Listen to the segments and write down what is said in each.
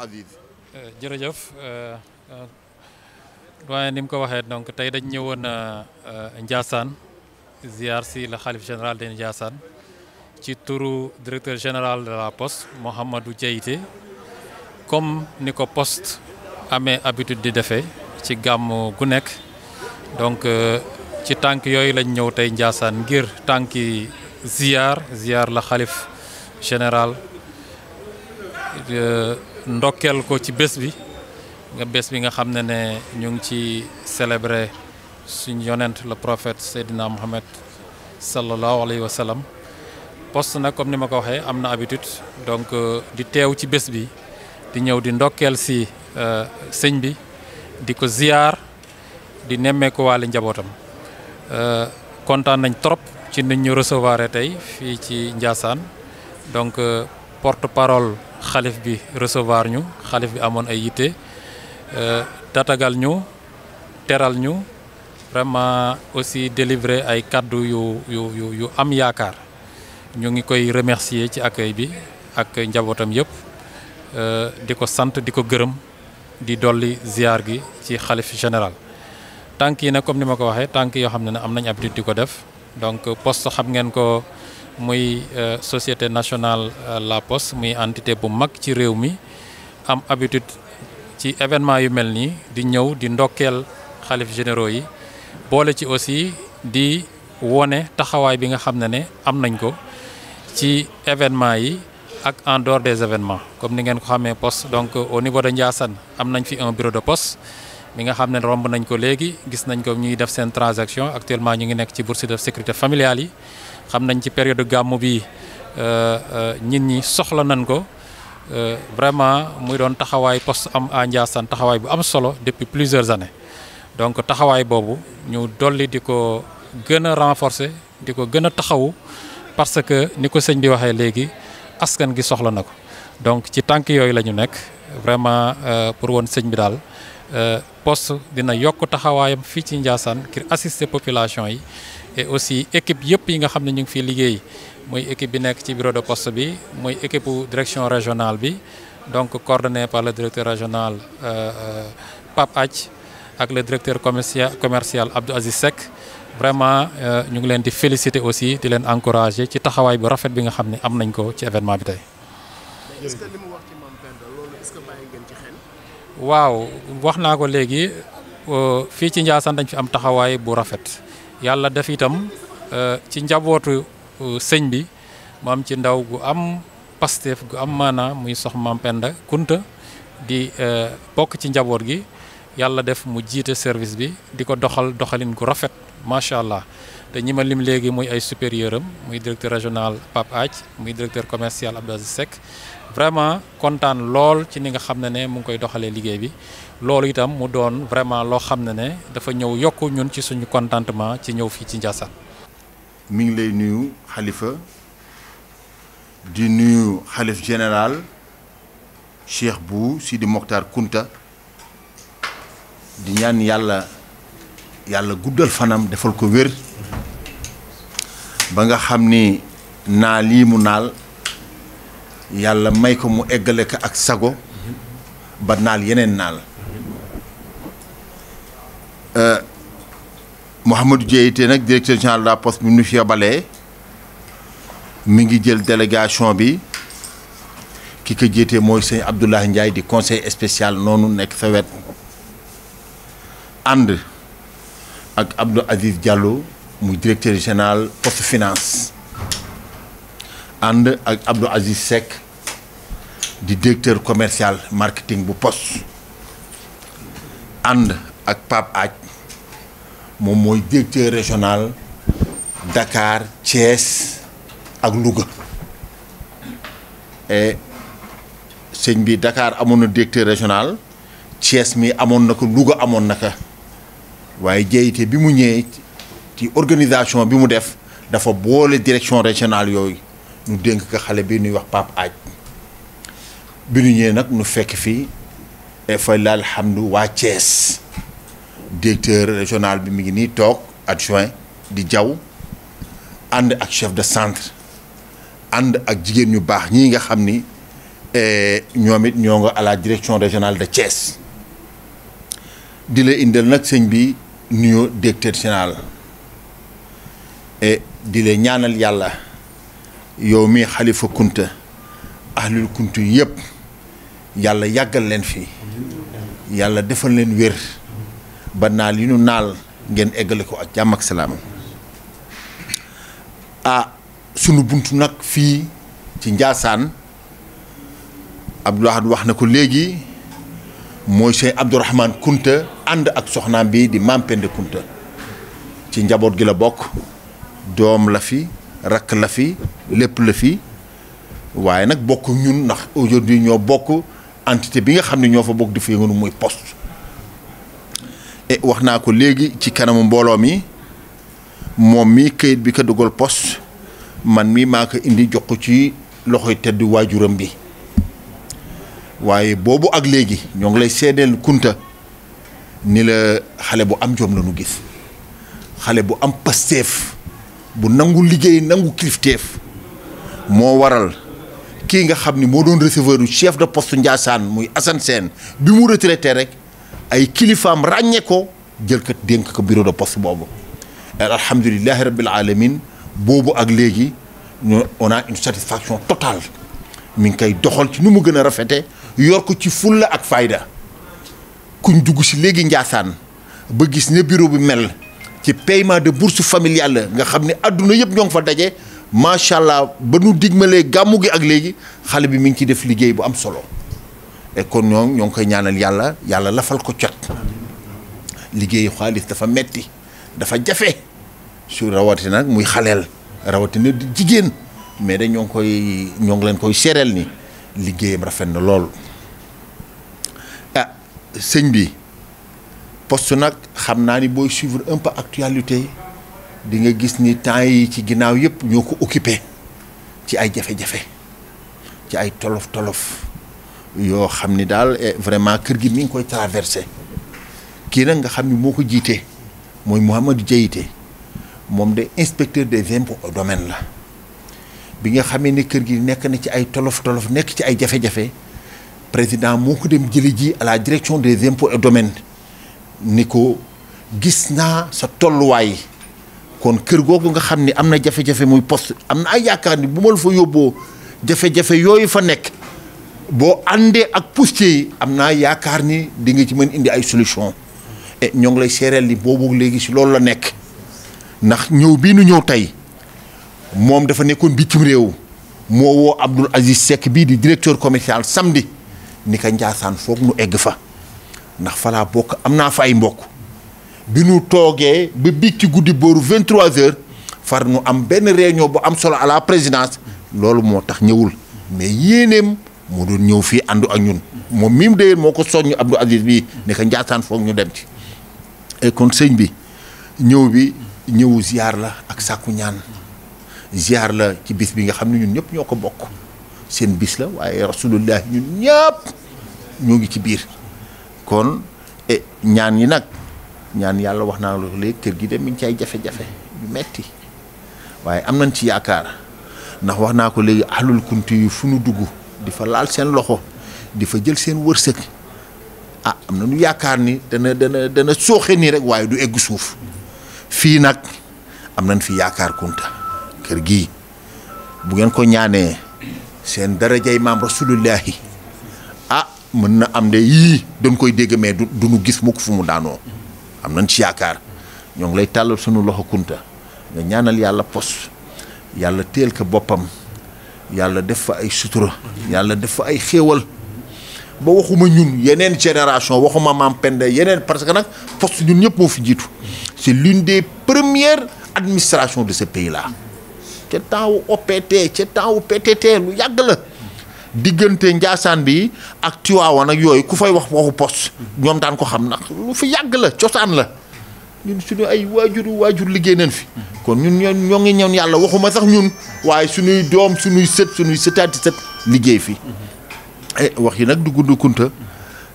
Aziz. Eh, jërëjëf doyen eh, eh, ni mu ko waxee donc tey dañ ñëwoon Ndiassane ziar si le xalif général de Ndiassane ci turu directeur général de la poste Mouhamadou Diaité comme ni ko poste amee habitude di defee ci gàmm gu nekk donc ci tànk yooyu lañ ñëw tey Ndiassane ngir tànki ziar ziar la xalif général. ndokkeel ko ci bés bi nga bés bi nga xam ne ne ñu ngi ci célébrer suñ yonent le prophète Seydina Mohamed sallallahu alayhi wa sallam poste nag comme ni ma ko waxee am na habitude donc euh, di teew ci bés bi di ñëw di ndokkeel si euh, sëñ bi di ko ziyaar di nemmeeku waale njabootam euh, kontaan nañ trop ci nit ñu recevoir tey fii ci Ndiassane donc porte parole xalif bi recevoir ñu xalif bi amoon ay yitte euh, tatagal ñu teral ñu vraiment aussi délivrer ay kàddu yu yu yu yu am yaakaar ñu ngi koy remercier ci accueil bi ak njabootam yëpp euh, di ko sant di ko gërëm di dolli ziar gi ci xalif général tànk yi nag comme ni ma ko waxee tànk yoo xam ne ne am nañ habitude di ko def donc poste xam ngeen ko muy euh, société nationale euh, La Poste muy entité bu mag ci réew mi am habitude ci événement yu mel nii di ñëw di ndokkeel xalif généraux yi boole ci aussi di wone taxawaay bi nga xam ne ne am nañ ko ci événement yi ak en dehors des événements comme ni ngeen ko xamee poste donc au niveau de Ndiassane am nañ fi un bureau de poste mi nga xam ne romb nañ ko léegi gis nañ ko ñuy def seen transaction actuellement ñu ngi nekk ci bourse de sécurité familiale yi xam nañ ci période gàmmu bi euh, euh, nit ñi soxla nañ ko euh, vraiment muy doon taxawaay poste am à Ndiassane taxawaay bu am solo depuis plusieurs années donc taxawaay boobu ñu dolli di ko gën a renforcer di ko gën a taxawu parce que ni ko sëñ bi waxee léegi askan gi soxla na ko donc ci tànk yooyu la ñu nekk vraiment pour woon sëñ bi daal poste dina yokk taxawaayam fii ci Ndiassane ngir assister population yi et aussi équipe yëpp yi nga xam ne ñu ngi fiy liggéey muy équipe bi nekk ci bureau de poste bi muy équipe direction régionale bi donc coordonné par le directeur régional euh, euh, Pape Hadj ak le directeur commercial commercial Abdou Aziz Seck vraiment euh, ñu ngi leen di féliciter aussi di leen encourager ci taxawaay bu rafet bi nga xam ne am nañ ko ci événement bi tey. waaw wax naa ko léegi fii ci Ndiassane dañ fi am taxawaay bu rafet. yàlla def itam euh, ci njabootu euh, sëñ bi mu am ci ndaw gu am Pastef gu am maanaa muy sox Maam Penda Kunta di euh, bokk ci njaboot gi yàlla def mu jiite service bi di ko doxal doxalin gu rafet macha allah te ñi ma lim léegi muy ay supérieur am muy directeur régional Pape Aaj muy directeur commercial Abdou Aziz Seck vraiment kontaan lool ci ni nga xam ne ne mu ngi koy doxalee liggéey bi loolu itam mu doon vraiment loo xam ne ne dafa ñëw yokk ñun ci suñu contentement ci ñëw fii ci Ndiassane. mu ngi lay nuyu xalifa di nuyu xalif général cheikh bu Sidi Mokhtar Kunta di ñaan yàlla yàlla guddal fanam defal ko wér ba nga xam ni naal yi mu naal. yàlla may ko mu eggale ko ak sago ba naal yeneen naal euh, Mouhamadou Diéyité nag directeur général de la poste bi nu fi yabalee mi ngi jël délégation bi ki ko jiite mooy sëñ Abdoulaye Ndiaye di conseil spécial noonu nekk sa wet ànd ak Abdou Aziz Diallo muy directeur général poste finance ànd ak Abdou Aziz Seck di directeur commercial marketing bu pos ànd ak Pape Aj moom mooy directeur régional dakaar Thiès ak Louga et sëñ bi dakaar amoon na directeur régional Thiès mi amoon na ko Louga amoon na ko waaye jeyite bi mu ñëwee ci organisation bi mu def dafa boole direction régionale yooyu ñu dénk ko xale bi ñuy wax Pape Aj bi ñu ñëwee nag nu fekk fii Faye laal du waa Thiès directeur régional bi mi ngi nii toog adjoint di jaw ànd ak chef de centre ànd ak jigéen ñu baax ñi nga xam ni eh, ñoom it ñoo nga à la direction régional de Thiès di la indil nag sëñ bi nuyoo directeur général et di la ñaanal yàlla yow mi xalifa Kunta ahlul kuntu yëpp yàlla yàggal leen fi yàlla defal leen wér ba naal yi ñu naal ngeen eggale ko ak jàmm ak salaam ah sunu bunt nag fii ci Njaasaan Abdoul Ahad wax na ko léegi mooy Cheikh Abdourahmane Kunta ànd ak soxnaam bi di Maam Penda Kunta ci njaboot gi la bokk doom la fi rakk la fi lépp la fi waaye nag bokk ñun ndax aujourd'hui ñoo bokk entité bi nga xam ne ñoo fa bokk di fa yëngatu muy poste et wax naa ko léegi ci kanamu mbooloo mi moom mii kayit bi ko dugal poste man mii maa ko indi jox ko ci loxoy tedd waajuram bi waaye boobu ak léegi ñoo ngi lay seedeel kunta ni la xale bu am jom la ñu gis xale bu am pasteef bu nangu liggéey nangu kilifteef moo waral kii nga xam ni moo doon receveur chef de poste Ndiassane muy Assane Sène bi mu retraité rek ay kilifaam ràññee ko jël ko dénk ko bureau de poste boobu alhamdulilahi rabbil alamin boobu ak léegi ñu on a une satisfaction totale mi ngi koy doxal ci nu mu gën a rafete yor ci fulla ak fayda kuñ dugg si léegi Ndiassane ba gis ne bureau bi mel ci paiement de bourse familiale la nga xam ne àdduna yëpp ñoo ngi fa daje macha allah ba nu digmalee gàmmu gi ak léegi xale bi mu ngi ciy def liggéey bu am solo et kon ñoo ñoo ngi koy ñaanal yàlla yàlla lafal ko cot liggéeyu xaalis dafa metti dafa jafe su rawatina nag muy xaleel rawatina di jigéen mais da ñoo koy ñoo ngi leen koy sereel ni liggéeyam rafet na loolu ah sëñ bi poste nag xam naa ni booy suivre un peu actualité di nga gis ni temps yi ci ginnaaw yëpp ñoo ko occupé ci ay jafe-jafe ci ay tolof tolof yoo xam ni daal eh, vraiment kër gi mi ngi koy traversé kii nag nga xam ni moo ko jiitee mooy Mouhamadou Diayité moom de inspecteur des impôts et domaines la bi nga xamee ni kër gi nekk na ci ay tolof tolof nekk ci ay jafe-jafe président moo ko dem jëli ji à la direction des impôts et domaines ni ko gis naa sa tolluwaay. kon kër googu nga xam ni am na jafe-jafe muy poste am na ay yaakaar ni bu ma la fa yóbboo jafe-jafe yooyu fa nekk boo àndee ak postier yi am naa yaakaar ni di nga ci mën indi ay solution et eh, ñoo ngi lay seereel li boobu léegi si loolu la nekk ndax ñëw bii nu ñëw tey moom dafa nekkoon bitim réew moo woo Abdoul Aziz Seck bii di directeur commercial samedi ni ko Njaasaan foog nu egg fa ndax falaa bokk am naa fa ay mbokk bi nu toogee ba biig ci guddi booru 23h far nu am benn réunion bu am solo à la présidence loolu moo tax ñëwul mais yéeneem moo doon ñëw fii ànd ak ñun moom miim déyéen moo ko soññ Abdou Aziz bii ne ko Njaasaan foog ñu dem ci et kon sëñ bi ñëw bi ñëw ziar la ak sàkku ñaan ziar la ci biis bi nga xam ne ñun ñëpp ñoo ko bokk seen bis la waaye rasulullah ñun ñëpp ñoo ngi ci biir kon ñaan yi nag ñaan yàlla wax naa loolu léegi kër gi de mi ngi ci jafe-jafe yu metti waaye am nañ ci yaakaar ndax wax naa ko léegi ahlul kunti yu fu nu dugg di fa laal seen loxo di fa jël seen wërsëg ah am na nu yaakaar ni dana dana dana sooxe nii rek waaye du egg suuf fii nag am nañ fi yaakaar kunta kër gi bu ngeen ko ñaanee seen darajay maam rasulullahi a ah, mën na am de yii dañ koy dégg mais du nu gis mukk fu mu daanoo am nañ ci yaakaar ñoo ngi lay tàllal suñu loxo kunta nga ñaanal yàlla pos yàlla teel ko boppam yàlla def fa ay sutura yàlla def fa ay xéewal ba waxuma ñun yeneen génération waxuma maam Penda yeneen parce que nag poste ñun ñëpp moo fi jiitu c'est l'une des première administrations de ce pays là ca temps wu OPT ca temps wu PTT lu yàgg la diggante Njaasaan bi ak Tiwaawan ak yooyu ku fay wax waxu poste ñoom daan ko xam nag lu fi yàgg la cosaan la ñun suñu ay waajur waajur liggéey nañ fi kon ñun ñoo ñoo ngi ñoon yàlla waxuma sax ñun waaye suñuy doom suñuy sët suñuy sëtaati sët liggéey fi eh, wax yi nag du gudd kunta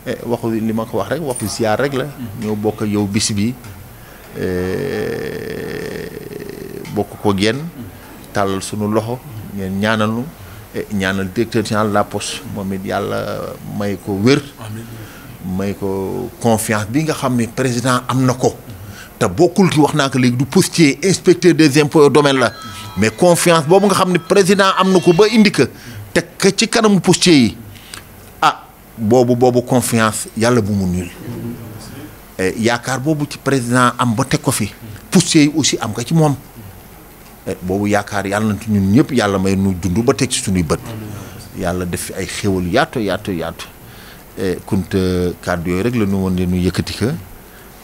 eh, waxu li ma ko wax rek waxu siyaar rek la ñoo bokk yow bis bi eh, bokk ko genn tàllal suñu loxo ngeen ñaanal Eh, ñaanal directeur général la poste moom it yàlla may ko wér may ko confiance bi nga xam ne président am na ko te bokkul ci wax naa ko léegi du postier inspecteur des impôts domaine la mais confiance boobu nga xam ne président am na ko ba indi ko teg ko ci kanamu postier yi ah boobu boobu confiance yàlla bu mu nul eh, yaakaar boobu ci président am ba teg ko fi postier yi aussi am nga ci moom Eh, boobu yaakaar yàlla na ñun ñëpp yàlla may nu dund ba teg ci suñuy bët yàlla def fi ay xéwal yaatu yaatu yaatu eh, kunta kàddu yooyu rek la nu woon nu yëkkati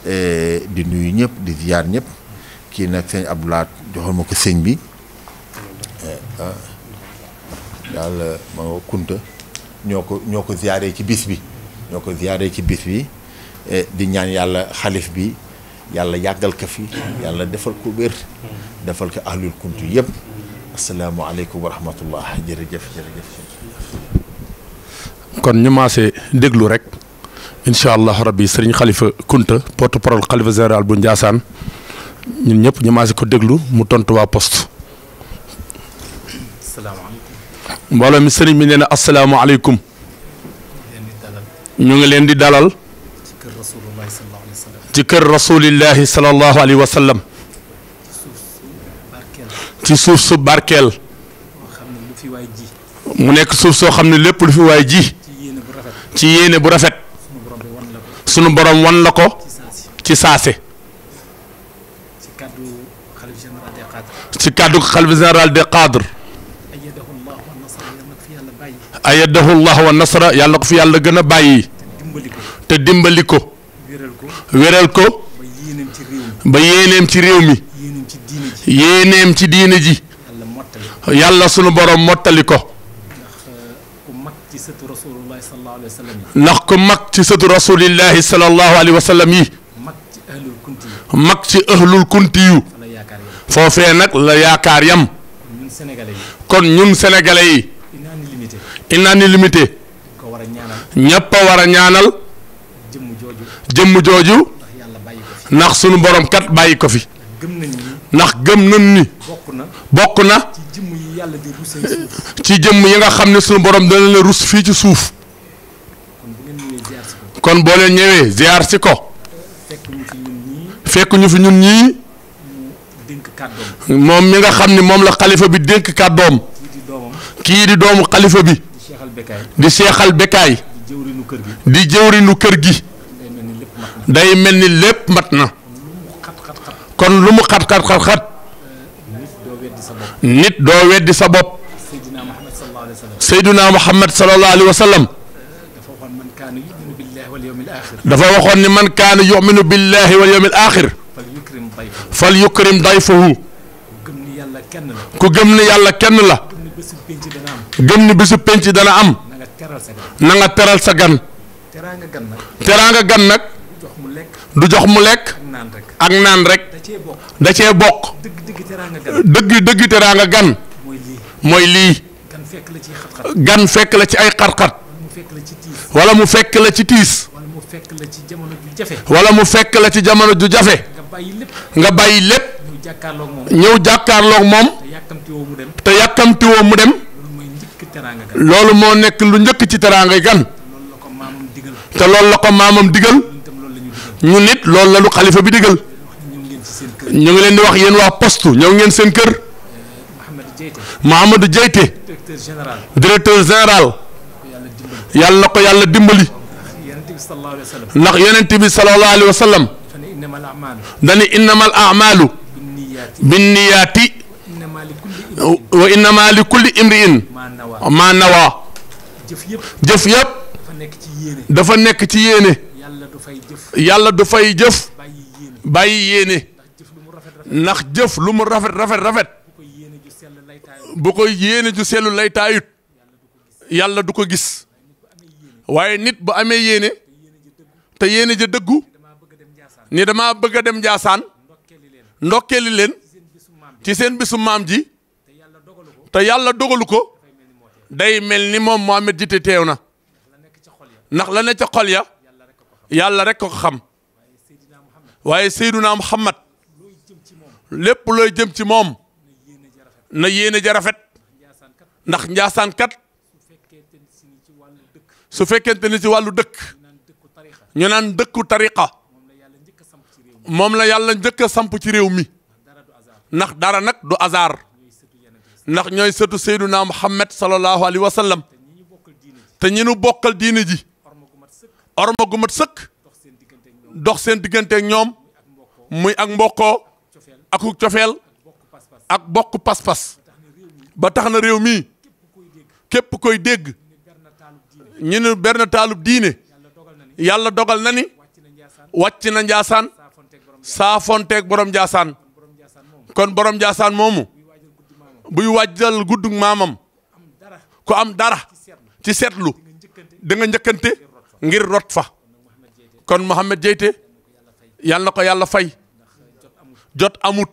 eh, di nuyu ñëpp di ziar ñëpp kii nag sëñ Abdoulaat joxoon ma ko sëñ bi ah. yàlla ma nga kunta ñoo ko ñoo ko ziaree ci biis bi ñoo ko ziaree ci biis bi di ñaan yàlla xalif bi yàlla yàggal ko fi yàlla defal ko wér defal ko ahlul kuntu yëpp asalaamualeykum wa rahmatullah jërëjëf jërëjëf kon ñu maase déglu rek incha allah rabbi sëriñ xalifa kunta porte parole xalifa général bu njaasaan ñun ñëpp ñu maase ko déglu mu tontu waa poste salaamaaleykum mbooloo mi sëriñ bi nee ñu ngi leen di dalal ci kër rasulillahi sallallahu alayhi wa sallam ci suuf su barkeel mu nekk suuf soo xam ne lépp lu fi waay ji ci yéene bu rafet sunu borom wan la ko ci saase ci kàddu xalifa général des cadres ayadahu llahu wa nasra yàlla ko fi yàlla gën a bàyyi te dimbali ko wéral ko ba yéeneem ci réew mi yéeneem ci diine ji yàlla sunu boroom mottali ko ndax ku mag ci sëtu rasulillahi sallallahu alayhi wa sallam yi mag ci ahlul kunti yu nag la yaakaar yam kon ñun sénégalais yi inaani limité ñaanal jëmm jooju ndax sunu boroom kat bàyyi ko fi ndax gëm nañ ni bokk na ci jëmm yi nga xam ne sunu borom dana la rus fii ci suuf kon boo leen ñëwee ziar si ko fekk fi ñun ñii moom mi nga xam ni moom la xalifa bi dënk kàddoom kii di doomu xalifa bi di seexal bekaay di jëwrinu kër gi day mel ni lépp mat na kon lu mu xat xat xat xat nit doo weddi sa bopp Seydina Muhammad sallallahu alayhi wa sallam dafa waxoon ni man kaana yuminu billahi wal yawmil axir fal yukrim dayfahu ku gëm ni yàlla kenn la gëm ni bisu penc dana am na nga teral sa gan teraanga gan nag du jox mu lekk ak naan rek da cee bokk dëgg dëgg teraanga gan mooy lii gan fekk la ci ay xat-xat wala mu fekk la ci tiis wala mu fekk la ci jamono ju jafe wala mu fekk la ci jamono ju jafe nga bàyyi lépp ñëw jàkkaarloog moom te yàkkamtiwoo mu dem loolu moo nekk lu njëkk ci teraanga gan te loolu la ko maamam digal. ñu nit loolu la lu xalifa bi digal ñu ngi leen di wax yéen waa poste ñëw ngeen seen kër Mouhamadou Diayte directeur général yàlla na ko yàlla dimbali ndax yonent bi sallallahu alayhi wa sallam dani innamal amalu wa innama li kulli imriin maa nawa jëf yëpp dafa nekk ci yéene. yàlla du fay jëf bàyyi yéene ndax jëf lu mu rafet rafet rafet bu koy yéene ju sellu lay taayut yàlla du ko gis waaye nit bu amee yéene te yéene ja dëggu ni damaa bëgg a dem Njaasaan ndokkeeli leen ci seen bisu maam ji te yàlla dogalu ko day mel ni moom Mohamed Dité teew na ndax la ne ca xol ya yàlla rek ko xam waaye Seyduna Muhammad lépp looy jëm ci moom na yéene ja rafet ndax njaasaan kat su fekkente ni ci wàllu dëkk ñu naan dëkku tariqa moom la yàlla njëkk a samp ci réew mi ndax dara nag du hasard ndax ñooy sëtu Seyduna Muhammad sallallahu alayhi wa sallam te ñi bokkal diine ji orma gu mat sëkk dox seen diggante ak ñoom muy ak mbokkoo ak cofeel ak bokk pas-pas ba tax na réew mii képp koy dégg ñu ne benn taalub diine yàlla dogal na ni wàcc na njaasaan saa fonteeg borom njaasaan kon borom njaasaan moomu buy wàjjal guddug maamam ku am dara ci seetlu da nga njëkkante ngir rot fa kon Mouhamed Diété yàlla ko yàlla fay jot amut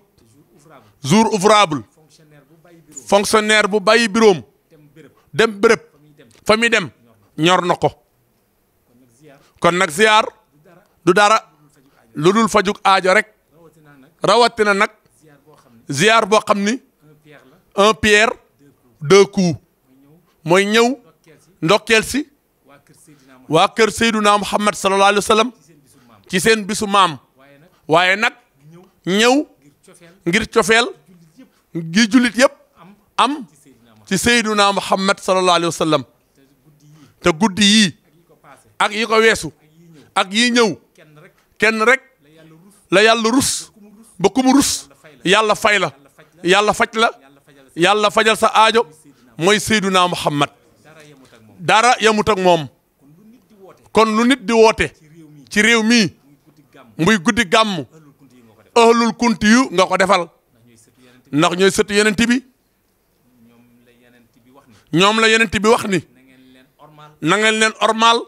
jour ouvrable fonctionnaire bu bayi bureau dem béréb fa muy dem ñor na ko kon nag ziar du dara lu dul fajug aajo rek rawatina nag ziar boo xam ni un pierre deux coups mooy ñëw ndokkeel waa kër Seyduna Muhammad sallallahu alayhi wa sallam ci seen bisu maam waaye nag ñëw ngir cofeel gi julit yëpp am ci Seyduna Muhammad sallallahu alayhi wa sallam te guddi yii ak yi ko weesu ak yii ñëw kenn rek la yàlla rus ba ku mu rus yàlla fay la yàlla faj la yàlla fajal sa aajo mooy Seyduna Muhammad dara yamut ak moom kon lu nit di woote ci réew mii muy guddi gàmm ahlul kunti yu nga ko defal ndax ñooy sëtu yenent bi ñoom la yenent bi wax ni na ngeen leen ormaal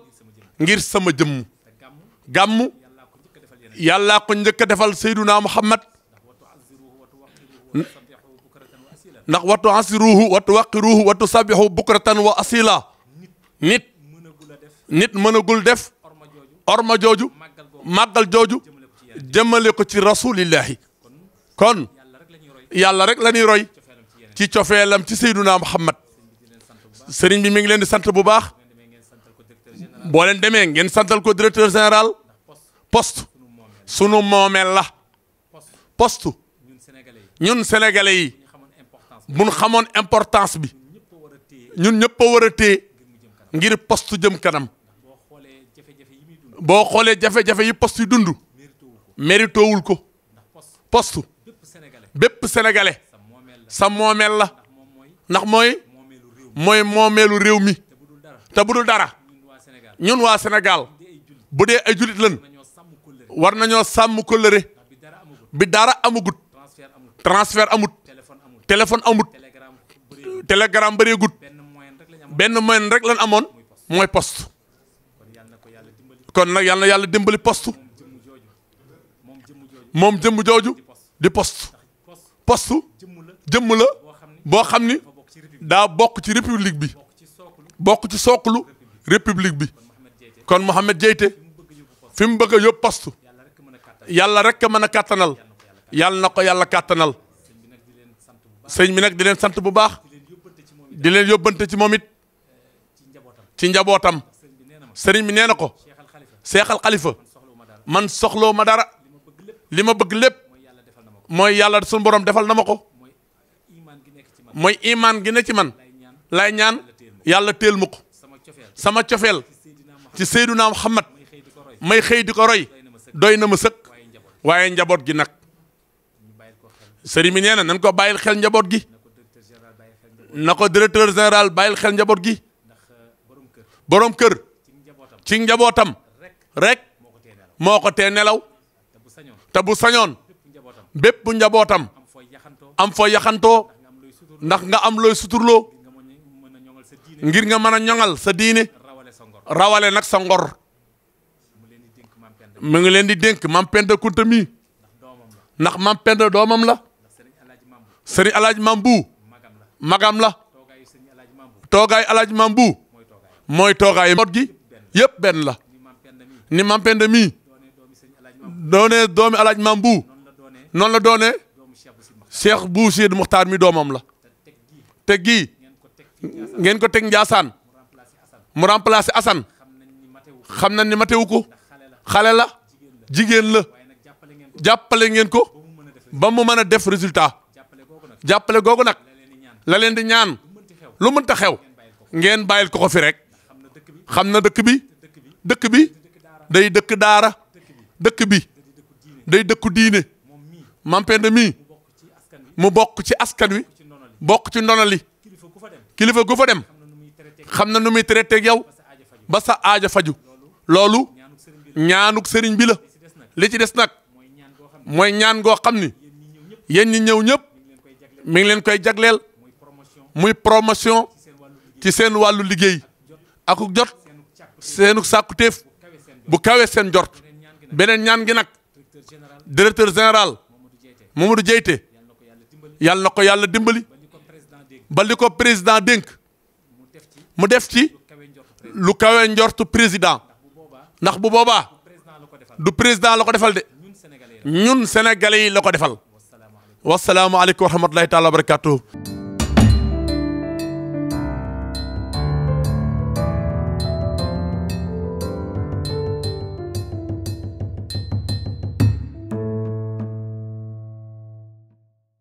ngir sama jëmm gàmm yàllaa ko njëkk a defal sayduna muhammad ndax watu asiruhu watu waqiruhu watu sabixu bukratan wa asila nit nit mënagul def orma jooju màggal jooju jëmale ko ci rasulillahi kon yàlla rek la ñuy roy ci cofeelam ci seyduna muhammad seriñ bi mi ngi leen di sant bu baax boo leen demee ngeen santal ko directeur général poste sunu moomeel la poste ñun sénégalais yi buñ xamoon importance bi ñun ñëpp a war a téye ngir poste jëm kanam boo xoolee jafe-jafe yi poste yi dund méritoowul ko poste bépp sénégalais sa moomeel la ndax mooy mooy moomeelu réew mi te bu dul dara ñun waa Sénégal bu dee ay julit lan war ñoo sàmm kóllëre bi dara amagut transfert amut téléphone amut télégramme bëreegut benn moyen rek lan amoon mooy post kon nag yàlla na yàlla dimbali poste moom jëmm jooju di poste postu jëmm la boo xam ni daa bokk ci république bi bokk ci sook lu république bi kon Mouhamed Diété fi mu bëgg a yóbbu yàlla rek a mën a kàttanal yàlla na ko yàlla kàttanal sëñ bi nag di leen sant bu baax di leen yóbbante ci moom it ci njabootam sëriñ bi nee na ko. seexal xalifa man soxloo ma dara li ma bëgg lépp mooy yàlla suñu borom defal na ma ko mooy imaan gi ne ci man lay ñaan yàlla teel ma ko sama cofeel ci Seyduna Muhammad may xëy di ko roy doy na ma sëkk waaye njaboot gi nag sëriñ bi nee na nañ ko bàyyil xel njaboot gi na ko directeur général bàyyil xel njaboot gi borom kër ci njabootam rek moo ko tee nelaw te bu sañoon bépp njabootam am foo yaxantoo ndax nga am looy suturloo ngir nga mën a ñoŋal sa diine rawale nag sa ngor mu ngi leen di dénk mam penda kunta mi ndax mam penda doomam la sëriñ alaaj mam bu magam la toogaay alaaj mam bu mooy toogaay mot gi yëpp benn la ni Mame Penda mii doonee doomi alaaj Maam bu noonu la doonee Cheikh bu Sidi Muxtaar mi doomam la te gii ngeen ko teg Njaasaan mu remplacer Assane xam nañ ni matewu ko xale la jigéen la jàppale ngeen ko ba mu mën a def résultat jàppale googu nag la leen di ñaan lu mënta xew ngeen bàyyil ko ko fi rek xam na dëkk bi dëkk bi day dëkk daara dëkk bi day dëkku diine Mame Penda mii mu bokk ci askan wi bokk ci ndonali kilifa gu fa dem xam na nu muy traité ak yow ba sa aaja faju loolu ñaanuk sëriñ bi la li ci des nag mooy ñaan goo xam ni yéen ñi ñëw ñëpp mi ngi leen koy jagleel muy promotion ci seen wàllu liggéey akuk jot seenuk sàkkuteef bu kawee seen jort beneen ñaan gi nag directeur général Mamadou Dieyte yàlla na ko yàlla dimbali ba li ko président dénk mu def ci lu kawee njortu président ndax bu boobaa du président la ko defal de ñun sénégalais yi la ko defal wasalaamualeykum wa rahmatulahi taala wa barakatuh